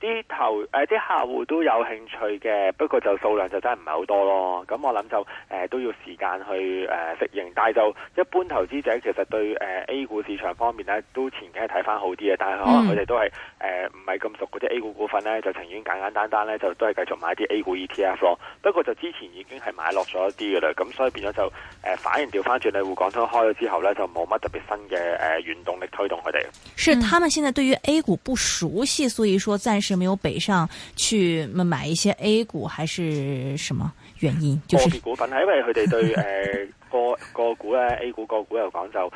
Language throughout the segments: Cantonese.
啲投誒啲客戶都有興趣嘅，不過就數量就真係唔係好多咯。咁我諗就，誒、呃、都要時間去誒適應，但係就一般投資者其實對誒、呃、A 股市場方面咧都前期睇翻好啲嘅，但係可能佢哋都係誒唔係咁熟嗰啲 A 股股份咧，就情願簡簡單單咧就都係繼續買啲 A 股 ETF 咯。不過就之前已經係買落咗一啲嘅啦，咁所以變咗就誒、呃、反而調翻轉你滬港通開咗之後咧就冇乜特別新嘅誒原動力推動佢哋。是他們現在對於 A 股不熟悉，所以說暫時。是沒有北上去買一些 A 股，還是什麼原因？就是、股份係因為佢哋對誒個、 呃、個股咧 A 股個股又講就誒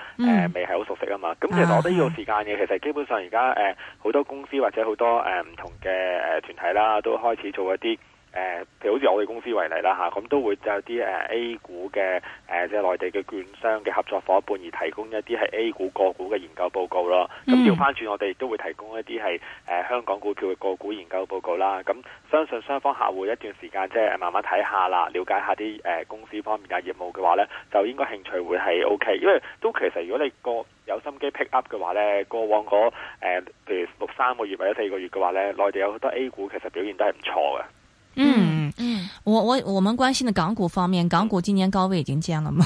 未係好熟悉啊嘛。咁、嗯、其實我都要時間嘅。啊、其實基本上而家誒好多公司或者好多誒唔、呃、同嘅誒團體啦，都開始做一啲。誒，譬、呃、如好似我哋公司為例啦吓，咁、啊、都會有啲誒、啊、A 股嘅誒即係內地嘅券商嘅合作伙伴而提供一啲係 A 股個股嘅研究報告咯。咁調翻轉，啊、我哋都會提供一啲係誒香港股票嘅個股研究報告啦。咁、啊嗯、相信雙方客戶一段時間即係慢慢睇下啦，了解下啲誒、啊、公司方面嘅業務嘅話咧，就應該興趣會係 OK。因為都其實如果你過有心機 pick up 嘅話咧，過往嗰誒、啊、譬如六三個月或者四個月嘅話咧，內地有好多 A 股其實表現都係唔錯嘅。嗯，嗯，我我我們關心的港股方面，港股今年高位已經見了嗎？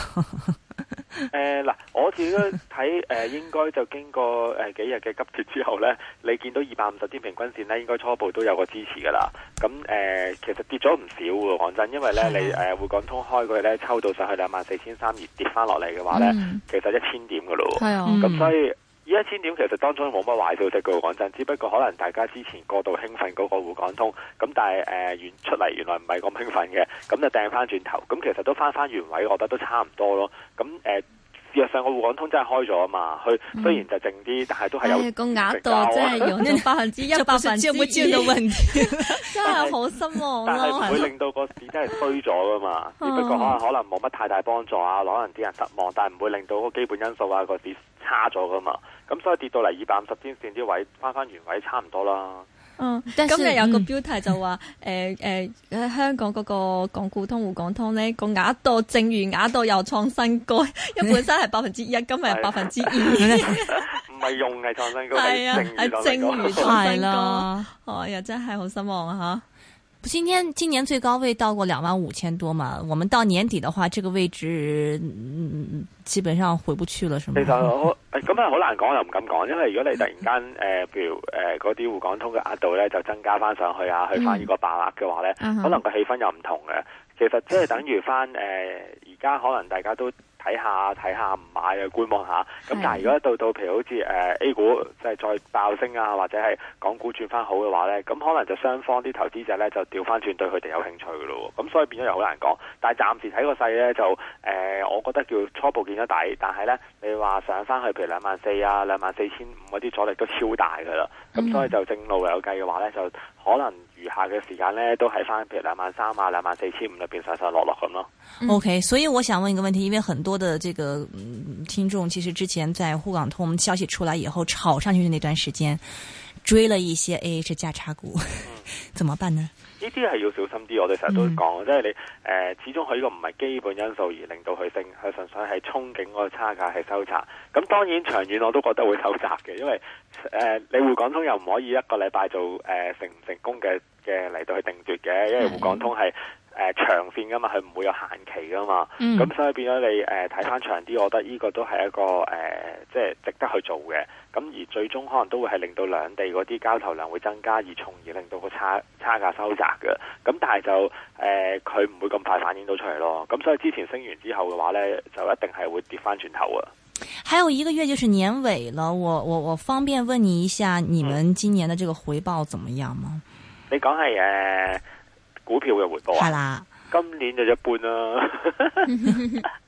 誒 嗱、呃，我自己睇誒，應該就經過誒幾日嘅急跌之後呢，你見到二百五十天平均線呢，應該初步都有個支持噶啦。咁、嗯、誒、呃，其實跌咗唔少喎，講真，因為呢，嗯、你誒滬港通開佢呢，抽到上去兩萬四千三跌翻落嚟嘅話呢，嗯、其實一千點噶咯。係咁、嗯嗯、所以。依一千點其實當中冇乜壞消息嘅，講真，只不過可能大家之前過度興奮嗰個滬港通，咁但係原、呃、出嚟原來唔係咁興奮嘅，咁就掟翻轉頭，咁其實都翻翻原位，我覺得都差唔多咯。咁誒，若、呃、上個滬港通真係開咗啊嘛，佢雖然就靜啲，但係都係有個額、嗯嗯哎、度，即係百分之一百分之，會跌到雲真係好失望咯。但係唔會令到個市真係衰咗噶嘛？嗯啊、只不過可能可能冇乜太大幫助啊，可能啲人失望，但係唔會令到個基本因素啊、那個市差咗㗎嘛，咁所以跌到嚟二百五十天線啲位，返返原位差唔多啦。嗯，今日有個標題就話，誒誒、 呃呃，香港嗰個港股通滬港通咧，個額度正如額度又創新高，因為本身係百分之一， 今日係百分之二，唔係 用，係創新高，係啊，係正如創新高 哎呀，真係好失望啊！吓，今天今年最高位到過兩萬五千多嘛，我們到年底嘅話，這個位置。嗯基本上回不去了，是咪？其實好，咁啊好難講又唔敢講，因為如果你突然間誒、呃，譬如誒嗰啲滬港通嘅額度咧就增加翻上去啊，去翻呢個爆額嘅話咧，嗯、可能個氣氛又唔同嘅。其實即係等於翻誒，而、呃、家可能大家都。睇下睇下唔買嘅觀望下，咁的但係如果到到譬如好似誒 A 股即係、就是、再爆升啊，或者係港股轉翻好嘅話呢，咁可能就雙方啲投資者呢，就調翻轉對佢哋有興趣嘅咯，咁所以變咗又好難講。但係暫時睇個勢呢，就誒、呃，我覺得叫初步見咗底，但係呢，你話上翻去譬如兩萬四啊、兩萬四千五嗰啲阻力都超大嘅啦，咁、嗯、所以就正路有計嘅話呢，就可能。餘下嘅時間呢，都喺翻譬如兩萬三啊、兩萬四千五入邊，上上落落咁咯。OK，所以我想問一個問題，因為很多的這個、嗯、聽眾其實之前在滬港通消息出來以後炒上去嘅那段時間，追了一些 AH 價、哎、差股。 怎麼辦呢？呢啲係要小心啲，我哋成日都講，嗯、即係你誒、呃，始終佢呢個唔係基本因素而令到佢升，佢純粹係憧憬嗰個差價係收窄。咁當然長遠我都覺得會收窄嘅，因為誒、呃，你滬港通又唔可以一個禮拜做誒、呃、成唔成功嘅嘅嚟到去定奪嘅，因為滬港通係。嗯誒、呃，長線噶嘛，佢唔會有限期噶嘛，咁、嗯嗯、所以變咗你誒，睇、呃、翻長啲，我覺得呢個都係一個誒、呃，即係值得去做嘅。咁、嗯、而最終可能都會係令到兩地嗰啲交投量會增加，而從而令到個差差價收窄嘅。咁、嗯、但係就誒，佢、呃、唔會咁快反映到出嚟咯。咁、嗯、所以之前升完之後嘅話咧，就一定係會跌翻轉頭啊。還有一個月就是年尾了，我我我方便問你一下，你們今年的這個回報怎麼樣嗎？嗯、你講係誒。呃呃股票嘅回報係啦，的今年就一般啦、啊。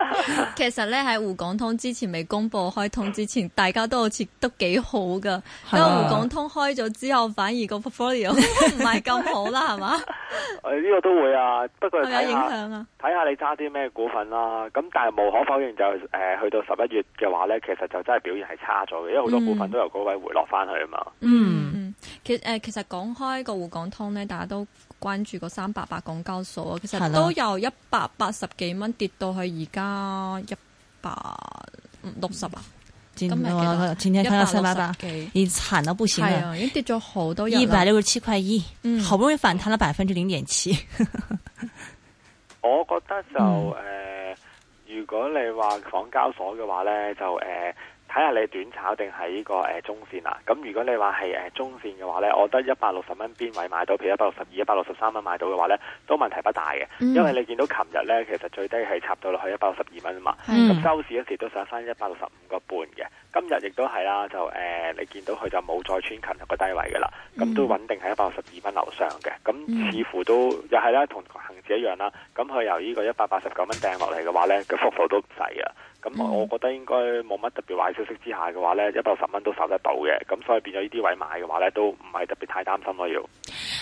其實咧喺滬港通之前未公布開通之前，大家都好似都幾好噶。的但係滬港通開咗之後，反而個 portfolio 唔係咁好啦，係嘛？誒，呢個都會啊，不過睇下睇下、啊、你揸啲咩股份啦、啊。咁但係無可否認就誒、呃，去到十一月嘅話咧，其實就真係表現係差咗嘅，因為好多股份都由高位回落翻去啊嘛嗯。嗯。其誒、呃、其實講開個滬港通咧，大家都關注個三百八港交所，其實都由一百八十幾蚊跌到去而家一百六十啊。嗯、今日幾多？前天跌到三百八幾，你慘到不行、啊啊。已經跌咗好多日。一百六十七塊一，好不容易反彈咗百分之零點七。 我覺得就誒、呃，如果你話港交所嘅話咧，就誒。呃睇下你短炒定係呢個誒、呃、中線啊？咁如果你話係誒中線嘅話呢，我覺得一百六十蚊邊位買到，譬如一百六十二、一百六十三蚊買到嘅話呢，都問題不大嘅。嗯、因為你見到琴日呢，其實最低係插到落去一百六十二蚊啊嘛。咁、嗯、收市嗰時都收翻一百六十五個半嘅。今日亦都係啦，就誒、呃、你見到佢就冇再穿近個低位嘅啦。咁、嗯、都穩定喺一百六十二蚊樓上嘅。咁似乎都又係、嗯、啦，同恒指一樣啦。咁佢由呢個一百八十九蚊掟落嚟嘅話呢，個幅度都唔細啊。咁、嗯、我覺得應該冇乜特別壞消息之下嘅話呢一百一十蚊都受得到嘅，咁所以變咗呢啲位買嘅話呢都唔係特別太擔心咯。要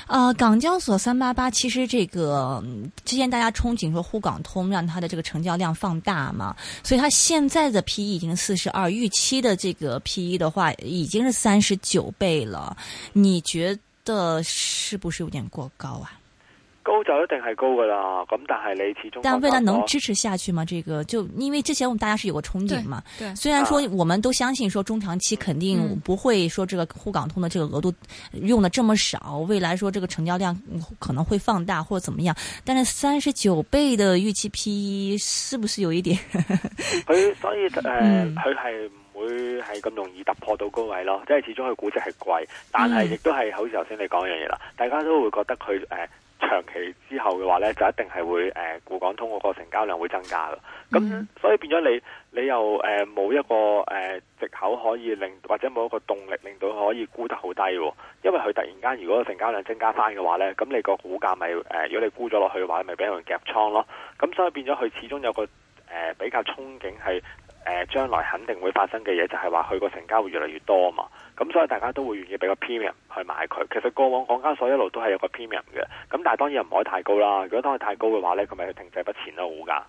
啊、呃，港交所三八八，其實這個之前大家憧憬說滬港通讓它的這個成交量放大嘛，所以它現在的 P E 已經四十二，預期的這個 P E 的話，已經是三十九倍了。你覺得是不是有點過高啊？高就一定係高噶啦，咁但係你始終但未來能支持下去嗎？這個就因為之前我們大家是有個憧憬嘛，雖然說我們都相信說中長期肯定不會說這個滬港通的這個額度用得這麼少，嗯、未來說這個成交量可能會放大或者怎麼樣，但是三十九倍的預期 P E 是不是有一點？佢 所以誒，佢係唔會係咁容易突破到高位咯，即係始終佢估值係貴，但係亦都係好似頭先你講樣嘢啦，大家都會覺得佢誒。呃長期之後嘅話呢，就一定係會誒，滬港通嗰個成交量會增加咯。咁所以變咗你，你又誒冇一個誒藉口可以令，或者冇一個動力令到佢可以沽得好低。因為佢突然間如果成交量增加翻嘅話呢，咁你個股價咪誒，如果你沽咗落去嘅話，咪俾人夾倉咯。咁所以變咗，佢始終有個誒比較憧憬係。誒，將來肯定會發生嘅嘢，就係話佢個成交會越嚟越多嘛。咁所以大家都會願意俾個 premium 去買佢。其實過往港交所一路都係有個 premium 嘅，咁但係當然唔可以太高啦。如果當佢太高嘅話呢，佢咪去停滯不前咯，個股價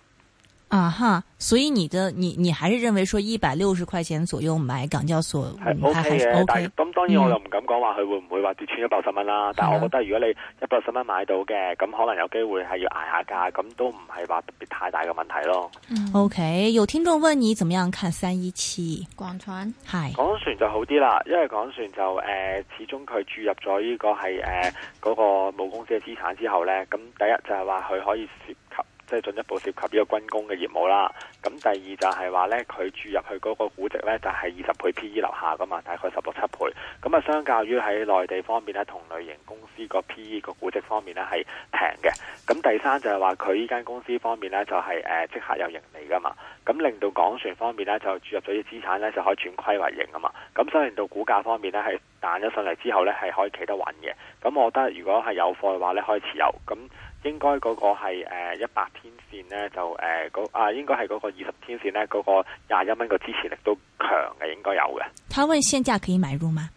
啊哈，uh、huh，所以你的你你還是認為說一百六十塊錢左右買港交所係 OK 嘅，咁當然我又唔敢講話佢會唔會話跌穿咗一百十蚊啦。嗯、但係我覺得如果你一百十蚊買到嘅，咁可能有機會係要挨下價，咁都唔係話特別太大嘅問題咯。嗯、OK，有聽眾問你怎麼樣看三一七廣船，係廣船就好啲啦，因為廣船就誒、呃、始終佢注入咗呢個係誒嗰個母公司嘅資產之後咧，咁、嗯、第一就係話佢可以涉及。即係進一步涉及呢個軍工嘅業務啦。咁第二就係話呢佢注入去嗰個估值呢，就係二十倍 P E 樓下噶嘛，大概十六七倍。咁啊，相較於喺內地方面呢，同類型公司個 P E 個估值方面呢，係平嘅。咁第三就係話佢依間公司方面呢，就係誒即刻有盈利噶嘛。咁令到港船方面呢，就注入咗啲資產呢，就可以轉虧為盈啊嘛。咁所以令到股價方面呢，係彈咗上嚟之後呢，係可以企得穩嘅。咁我覺得如果係有貨嘅話呢，可以持有咁。應該嗰個係誒一百天線咧就誒嗰、呃、啊應該係嗰個二十天線咧嗰、那個廿一蚊個支持力都強嘅應該有嘅。他問現價可以買入嗎？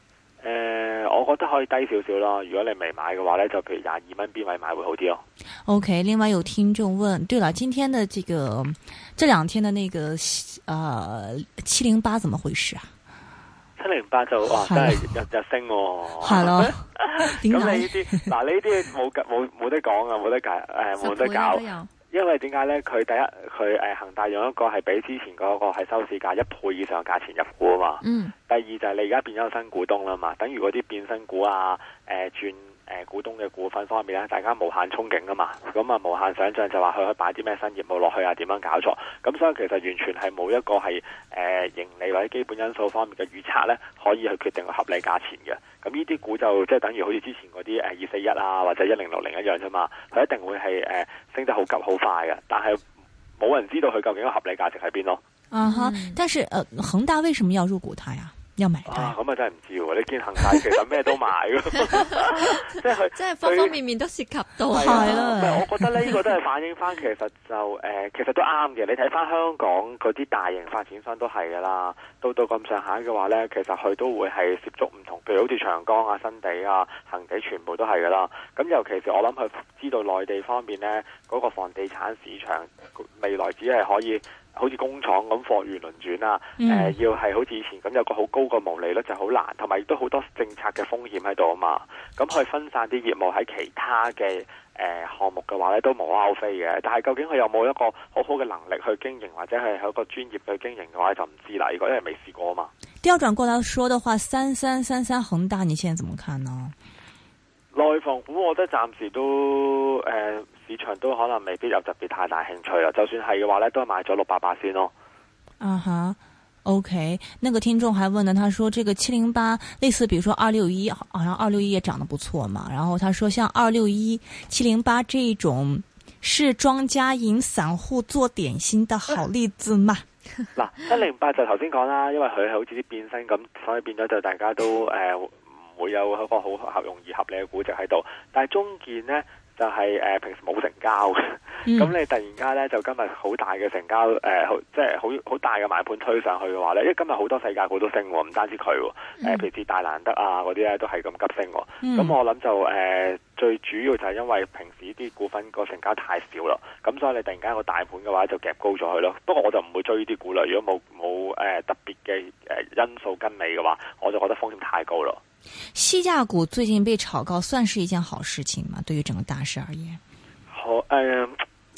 誒、呃，我覺得可以低少少咯。如果你未買嘅話咧，就譬如廿二蚊邊位買會好啲咯。OK，另外有聽眾問，對了，今天的這個這兩天的那個啊七零八怎麼回事啊？七零八就哇，真係的日日升喎！係咯，咁你呢啲嗱，你呢啲冇冇冇得講啊，冇得解誒，冇得搞，得因為點解咧？佢第一佢誒恒大用一個係比之前嗰個係收市價一倍以上價錢入股啊嘛。嗯。第二就係你而家變咗個新股東啦嘛，等於嗰啲變身股啊誒轉。呃誒、呃，股東嘅股份方面咧，大家無限憧憬噶嘛，咁啊無限想象就話佢可以擺啲咩新業務落去啊，點樣搞錯？咁所以其實完全係冇一個係誒、呃、盈利或者基本因素方面嘅預測咧，可以去決定個合理價錢嘅。咁呢啲股就即係等於好似之前嗰啲誒二四一啊，或者一零六零一樣啫嘛，佢一定會係誒、呃、升得好急好快嘅，但係冇人知道佢究竟個合理價值喺邊咯。啊吓、嗯，但是誒、呃，恒大為什麼要入股佢呀、啊？哇啊，咁啊真係唔知喎！ 你見恒大其實咩都買嘅，即係即係方方面面都涉及到係咯。我覺得咧，依個都係反映翻，其實就誒、呃，其實都啱嘅。你睇翻香港嗰啲大型發展商都係噶啦，到到咁上下嘅話咧，其實佢都會係涉足唔同，譬如好似長江啊、新地啊、恒地，全部都係噶啦。咁尤其是我諗佢知道內地方面咧，嗰、嗰個房地產市場未來只係可以。好似工廠咁貨如輪轉啦，誒、啊嗯呃，要係好似以前咁有個好高個毛利率就好難，同埋亦都好多政策嘅風險喺度啊嘛。咁去分散啲業務喺其他嘅誒項目嘅話咧，都無可厚非嘅。但係究竟佢有冇一個好好嘅能力去經營，或者係有一個專業去經營嘅話、話，就唔知啦。如果因為未試過啊嘛。調轉過嚟，說嘅話，三三三三恒大，你現在怎麼看呢？內房股，我覺得暫時都誒。呃市場都可能未必有特別太大興趣啦，就算係嘅話呢，都係買咗六八八先咯。啊吓，OK，那個聽眾還問呢，他說：，這個七零八類似，比如說二六一，好像二六一也漲得不錯嘛。然後他說：，像二六一、七零八這種，是莊家引散戶做點心的好例子嘛。嗱、uh，七零八就頭先講啦，因為佢係好似啲變身咁，所以變咗就大家都誒唔、呃、會有一個好合容易合理嘅估值喺度。但係中建呢？就係、是、誒、呃、平時冇成交嘅，咁 你突然間咧就今日好大嘅成交誒、呃，即係好好大嘅買盤推上去嘅話咧，因為今日好多世界股都，都升喎，唔單止佢誒、呃，譬如似大難得啊嗰啲咧都係咁急升喎，咁 我諗就誒、呃、最主要就係因為平時啲股份個成交太少啦，咁所以你突然間個大盤嘅話就夾高咗佢咯。不過我就唔會追呢啲股啦，如果冇冇誒特別嘅誒、呃、因素跟你嘅話，我就覺得風險太高啦。細價股最近被炒高，算是一件好事情嗎？對於整個大市而言，好誒、哦，呃、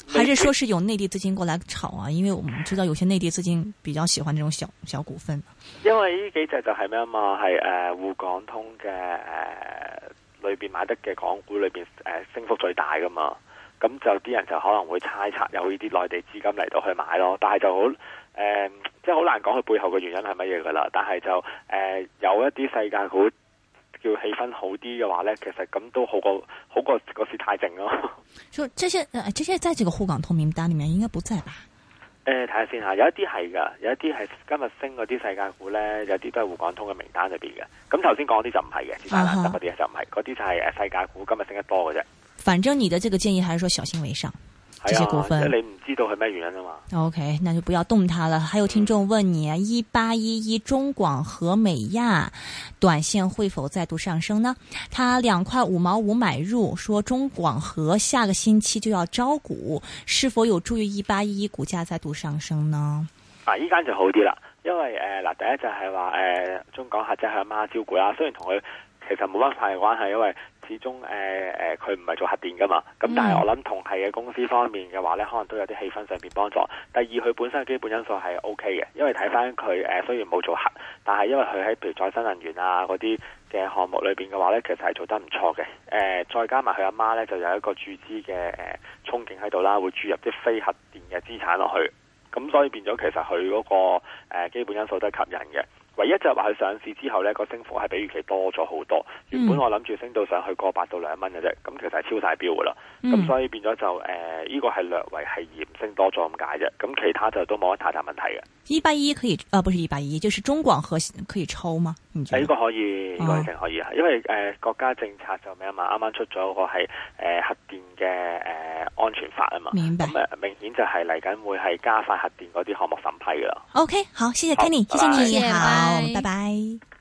還是說是有內地資金過來炒啊？因為我們知道有些內地資金比較喜歡這種小小股份。因為呢幾隻就係咩啊嘛，係誒滬港通嘅誒、呃、裏邊買得嘅港股裏邊誒、呃、升幅最大噶嘛，咁就啲人就可能會猜測有呢啲內地資金嚟到去買咯。但係就好誒，即係好難講佢背後嘅原因係乜嘢噶啦。但係就誒、呃、有一啲世界股。叫氣氛好啲嘅話咧，其實咁都好過好過嗰時太靜咯。就 這些，誒，這些在這個滬港通名單裏面應該不在吧？誒、呃，睇下先吓，有一啲係噶，有一啲係今日升嗰啲世界股咧，有啲都係滬港通嘅名單裏邊嘅。咁頭先講嗰啲就唔係嘅，嗰啲就唔係，嗰啲就係誒世界股今日升得多嘅啫。反正你的這個建議還是說小心為上。這些股份，你唔知道係咩原因啊嘛。OK，那就不要動它了。還有聽眾問你，一八一一中廣和美亞短線會否再度上升呢？他兩塊五毛五買入，說中廣和下個星期就要招股，是否有助於一八一一股價再度上升呢？啊，依家就好啲啦，因為誒嗱、呃，第一就係話誒中廣和即係阿媽招股啦、啊，雖然同佢其實冇乜太關係，因為。始終誒誒，佢唔係做核電噶嘛，咁但係我諗同系嘅公司方面嘅話咧，可能都有啲氣氛上邊幫助。第二，佢本身嘅基本因素係 OK 嘅，因為睇翻佢誒，雖然冇做核，但係因為佢喺譬如再生能源啊嗰啲嘅項目裏邊嘅話咧，其實係做得唔錯嘅。誒、呃，再加埋佢阿媽咧，就有一個注資嘅誒憧憬喺度啦，會注入啲非核電嘅資產落去，咁所以變咗其實佢嗰、那個誒、呃、基本因素都係吸引嘅。唯一就係話佢上市之後咧，個升幅係比預期多咗好多。原本我諗住升到上去過百到兩蚊嘅啫，咁其實係超晒標噶啦。咁、嗯、所以變咗就誒，依、呃這個係略為係嚴升多咗咁解啫。咁其他就都冇乜太大問題嘅。一八一可以，啊、呃，不是一八一，就是中廣核可以抽唔嗎？呢個可以，呢、這個一定可以啊。因為誒、呃、國家政策就咩啊嘛，啱啱出咗個係誒核電。嘅誒、呃，安全法啊嘛，明白，啊、明顯就係嚟緊會係加快核電嗰啲項目審批噶啦。OK，好，謝謝 Kenny，好拜謝謝你，謝謝好，Bye. 拜拜。